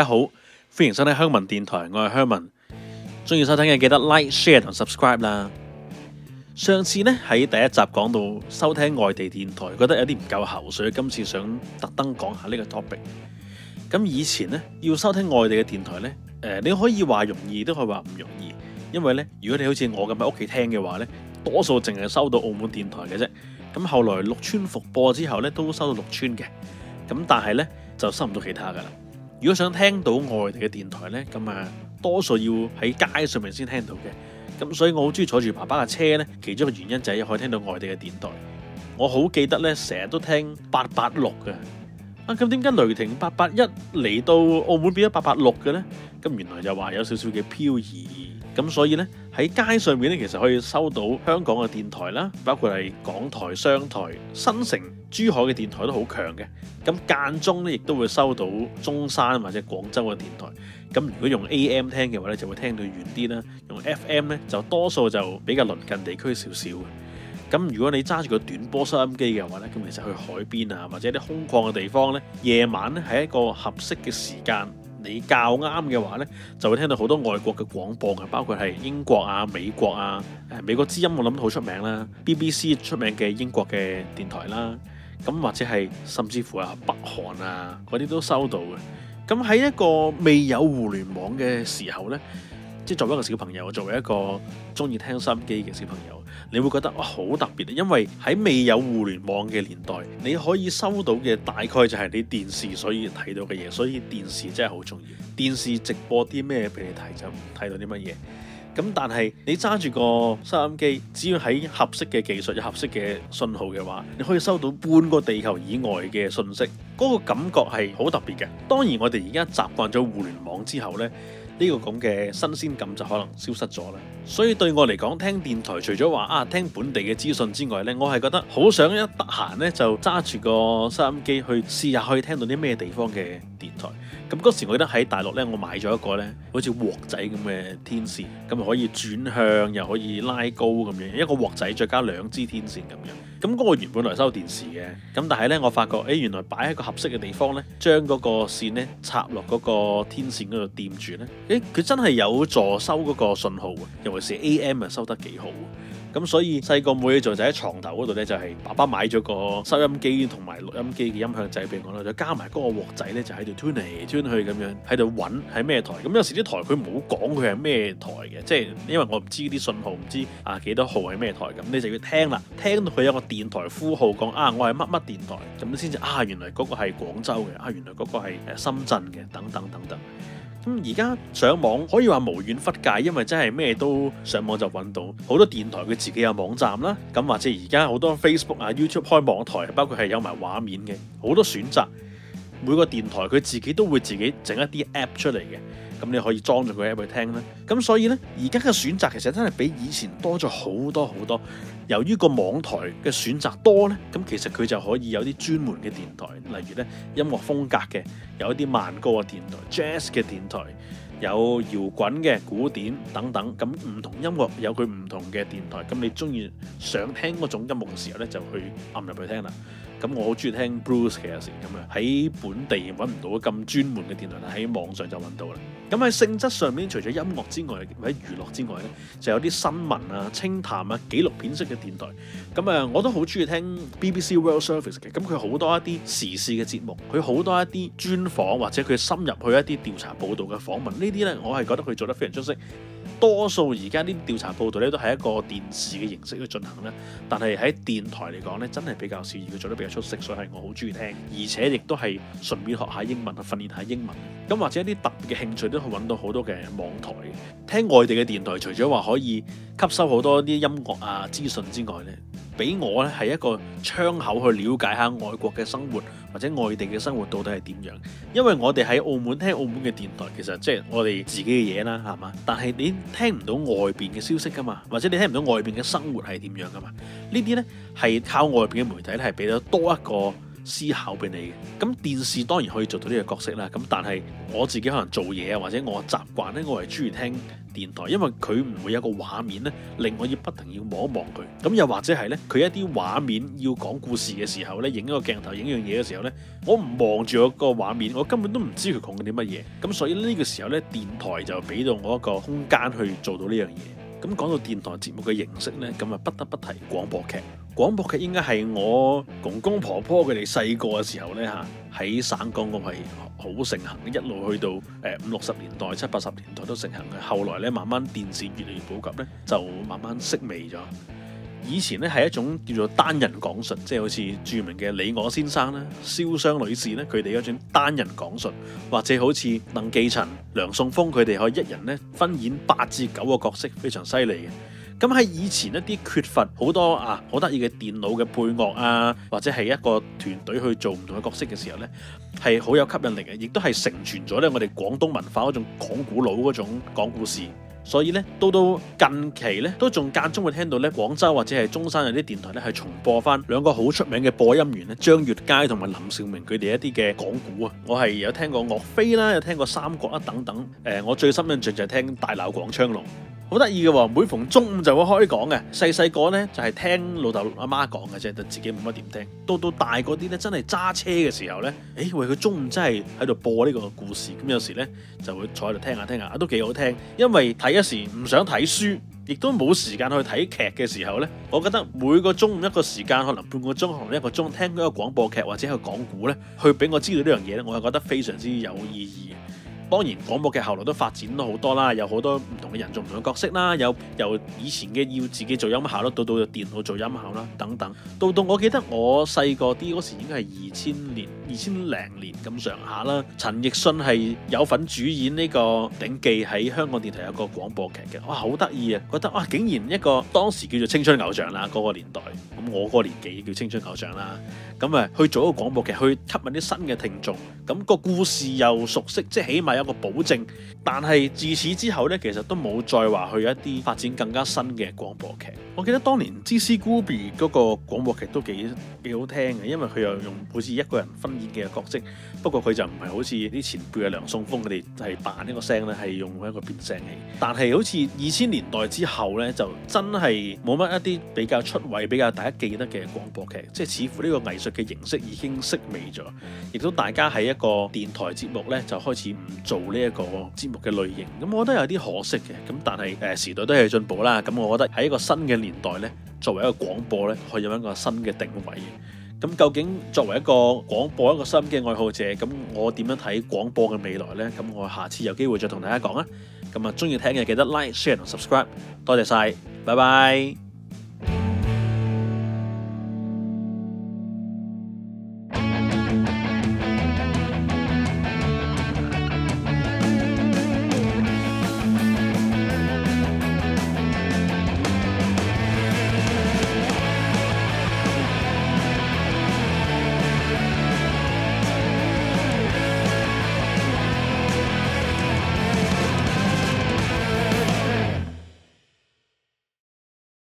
大家好，歡迎收聽香文電台，我係香文。中意收聽嘅記得 like、share 同 subscribe 啦。上次呢，喺第一集講到收聽外地電台，覺得有啲唔夠喉，所以今次想特登講下呢個 topic。咁以前呢，要收聽外地嘅電台呢，誒、呃，你可以話容易，都可以話唔容易，因為呢，如果你好似我咁喺屋企聽嘅話呢，多數淨係收到澳門電台嘅啫。咁後來綠村復播之後呢，都收到綠村嘅，咁但係呢，就收唔到其他噶啦。如果想聽到外地嘅電台呢，咁啊多數要喺街上面先聽到嘅。咁所以我好鍾意坐住爸爸嘅車呢，其中一個原因就係可以聽到外地嘅電台。我好記得呢，成日都聽八八六嘅。咁點解雷霆八八一嚟到澳門變咗八八六嘅呢？咁原來就話有少少嘅漂移，咁所以呢喺街上面呢，其實可以收到香港嘅電台啦，包括係港台、商台、新城、珠海嘅電台都好強嘅。咁間中呢亦都會收到中山或者廣州嘅電台。咁如果用 AM 聽嘅話呢，就會聽到遠啲啦；用 FM 呢就多數就比較鄰近地區少少嘅。咁如果你揸住個短波收音機嘅話呢，咁其實去海邊啊，或者啲空曠嘅地方呢，夜晚咧係一個合適嘅時間，你較啱嘅話呢，就會聽到好多外國嘅廣播啊，包括係英國啊、美國啊、誒美國之音，我諗好出名啦，BBC 出名嘅英國嘅電台啦，咁或者係甚至乎啊北韓啊嗰啲都收到嘅。咁喺一個未有互聯網嘅時候呢，即係作為一個小朋友，作為一個中意聽收音機嘅小朋友。你會覺得好特別，因為喺未有互聯網嘅年代，你可以收到嘅大概就係你電視所以睇到嘅嘢，所以電視真係好重要。電視直播啲咩俾你睇就睇到啲乜嘢。咁但係你揸住個收音機，只要喺合適嘅技術有合適嘅信號嘅話，你可以收到半個地球以外嘅信息。嗰個感覺係好特別嘅。當然我哋而家習慣咗互聯網之後呢。呢個咁嘅新鮮感就可能消失咗啦，所以對我嚟講，聽電台除咗話啊，聽本地嘅資訊之外呢，我係覺得好想一得閒呢，就揸住個收音機去試下可以聽到啲咩地方嘅電台。咁嗰時我記得喺大陸呢，我買咗一個呢，好似鑊仔咁嘅天線，咁可以轉向，又可以拉高咁樣，一個鑊仔再加兩支天線咁樣。咁嗰個原本嚟收電視嘅，咁但係呢，我發覺，誒、欸、原來擺喺個合適嘅地方呢，將嗰個線呢插落嗰個天線嗰度掂住呢。誒、欸、佢真係有助收嗰個信號喎、啊，尤其是 AM 啊收得幾好。咁所以細個冇嘢做就喺床頭嗰度呢，就係、是、爸爸買咗個收音機同埋錄音機嘅音響掣俾我啦，就加埋嗰個鑊仔呢，就喺度 tune 嚟 tune 去咁樣喺度揾喺咩台。咁有時啲台佢冇講佢係咩台嘅，即、就、係、是、因為我唔知啲信號唔知啊幾多號係咩台咁，你就要聽啦，聽到佢有個。電台呼號講啊，我係乜乜電台，咁先至啊，原來嗰個係廣州嘅，啊，原來嗰個係、啊、深圳嘅，等等等等。咁而家上網可以話無遠弗屆，因為真係咩都上網就揾到好多電台佢自己有網站啦。咁或者而家好多 Facebook 啊、YouTube 開網台，包括係有埋畫面嘅，好多選擇。每個電台佢自己都會自己整一啲 App 出嚟嘅。咁你可以裝咗個 app 去聽啦，咁所以呢，而家嘅選擇其實真係比以前多咗好多好多。由於個網台嘅選擇多呢，咁其實佢就可以有啲專門嘅電台，例如呢，音樂風格嘅，有一啲慢歌嘅電台、jazz 嘅電台。有搖滾嘅、古典等等，咁唔同音樂有佢唔同嘅電台，咁你中意想聽嗰種音樂嘅時候咧，就去按入去聽啦。咁我好中意聽 blues 嘅成咁啊，喺本地揾唔到咁專門嘅電台啦，喺網上就揾到啦。咁喺性質上面，除咗音樂之外，或者娛樂之外咧，就有啲新聞啊、清談啊、紀錄片式嘅電台。咁啊，我都好中意聽 BBC World Service 嘅，咁佢好多一啲時事嘅節目，佢好多一啲專訪或者佢深入去一啲調查報導嘅訪問呢。呢啲咧，我係覺得佢做得非常出色。多數而家啲調查報道咧，都係一個電視嘅形式去進行啦。但係喺電台嚟講咧，真係比較少，而佢做得比較出色，所以係我好中意聽。而且亦都係順便學下英文，訓練下英文。咁或者一啲特別嘅興趣，都去揾到好多嘅網台聽外地嘅電台。除咗話可以吸收好多啲音樂啊、資訊之外呢。俾我咧，係一個窗口去了解下外國嘅生活，或者外地嘅生活到底係點樣，因為我哋喺澳門聽澳門嘅電台，其實即係我哋自己嘅嘢啦，係嘛？但係你聽唔到外邊嘅消息噶嘛，或者你聽唔到外邊嘅生活係點樣噶嘛？呢啲呢係靠外邊嘅媒體咧係俾咗多一個。思考俾你嘅，咁電視當然可以做到呢個角色啦。咁但係我自己可能做嘢啊，或者我習慣呢，我係中意聽電台，因為佢唔會有個畫面呢，令我要不停要望一望佢。咁又或者係呢，佢一啲畫面要講故事嘅時候呢，影一個鏡頭影樣嘢嘅時候呢，我唔望住嗰個畫面，我根本都唔知佢講緊啲乜嘢。咁所以呢個時候呢，電台就俾到我一個空間去做到呢樣嘢。咁講到電台節目嘅形式呢，咁啊不得不提廣播劇。廣播劇應該係我公公婆婆佢哋細個嘅時候呢，吓，喺省港澳係好盛行，一路去到誒五六十年代，七八十年代都盛行嘅。後來咧，慢慢電視越嚟越普及呢就慢慢式微咗。以前呢係一種叫做單人講述，即係好似著名嘅李我先生咧、蕭湘女士呢佢哋嗰種單人講述，或者好似鄧寄塵、梁宋峰佢哋可以一人咧分演八至九個角色，非常犀利嘅。咁喺以前一啲缺乏好多啊好得意嘅電腦嘅配樂啊，或者係一個團隊去做唔同嘅角色嘅時候呢，係好有吸引力嘅，亦都係承傳咗呢我哋廣東文化嗰種講古佬嗰種講故事。所以呢，到到近期呢，都仲間中會聽到呢廣州或者係中山有啲電台呢係重播返兩個好出名嘅播音員呢，張悅楷同埋林兆明佢哋一啲嘅講古啊。我係有聽過岳飛啦，有聽過三國啦等等。誒、呃，我最深印象就係聽大鬧廣昌隆。好得意嘅喎，每逢中午就會開講嘅。細細個呢，就係聽老豆阿媽講嘅啫，自己冇乜點聽。到到大嗰啲呢，真係揸車嘅時候呢，誒，喂，佢中午真係喺度播呢個故事。咁有時呢，就會坐喺度聽下聽下，都幾好聽。因為睇一時唔想睇書，亦都冇時間去睇劇嘅時候呢，我覺得每個中午一個時間，可能半個鐘，可能一個鐘聽一個廣播劇或者去講古呢，去俾我知道呢樣嘢呢，我又覺得非常之有意義。當然廣播劇後來都發展咗好多啦，有好多唔同嘅人做唔同嘅角色啦，有由以前嘅要自己做音效，到到就電腦做音效啦等等。到到我記得我細個啲嗰時，時應該係二千年、二千零年咁上下啦。陳奕迅係有份主演呢個《頂記》喺香港電台有個廣播劇嘅，哇，好得意啊！覺得哇，竟然一個當時叫做青春偶像啦嗰、嗰個年代，咁我嗰個年紀叫青春偶像啦。咁啊，去做一個廣播劇去吸引啲新嘅聽眾，咁個故事又熟悉，即係起碼有個保證。但係自此之後咧，其實都冇再話去一啲發展更加新嘅廣播劇。我記得當年《Jazz Gubie》嗰個廣播劇都幾幾好聽嘅，因為佢又用好似一個人分演嘅角色。不過佢就唔係好似啲前輩啊梁送峰佢哋係扮呢個聲咧，係用一個變聲器。但係好似二千年代之後咧，就真係冇乜一啲比較出位、比較大家記得嘅廣播劇，即係似乎呢個藝術。嘅形式已經式微咗，亦都大家喺一個電台節目呢，就開始唔做呢一個節目嘅類型，咁我覺得有啲可惜嘅。咁但係誒、呃、時代都係進步啦，咁我覺得喺一個新嘅年代呢，作為一個廣播呢，可以有一個新嘅定位。咁究竟作為一個廣播一個收音機愛好者，咁我點樣睇廣播嘅未來呢？咁我下次有機會再同大家講啊。咁啊，中意聽嘅記得 like、share 同 subscribe，多謝晒，拜拜。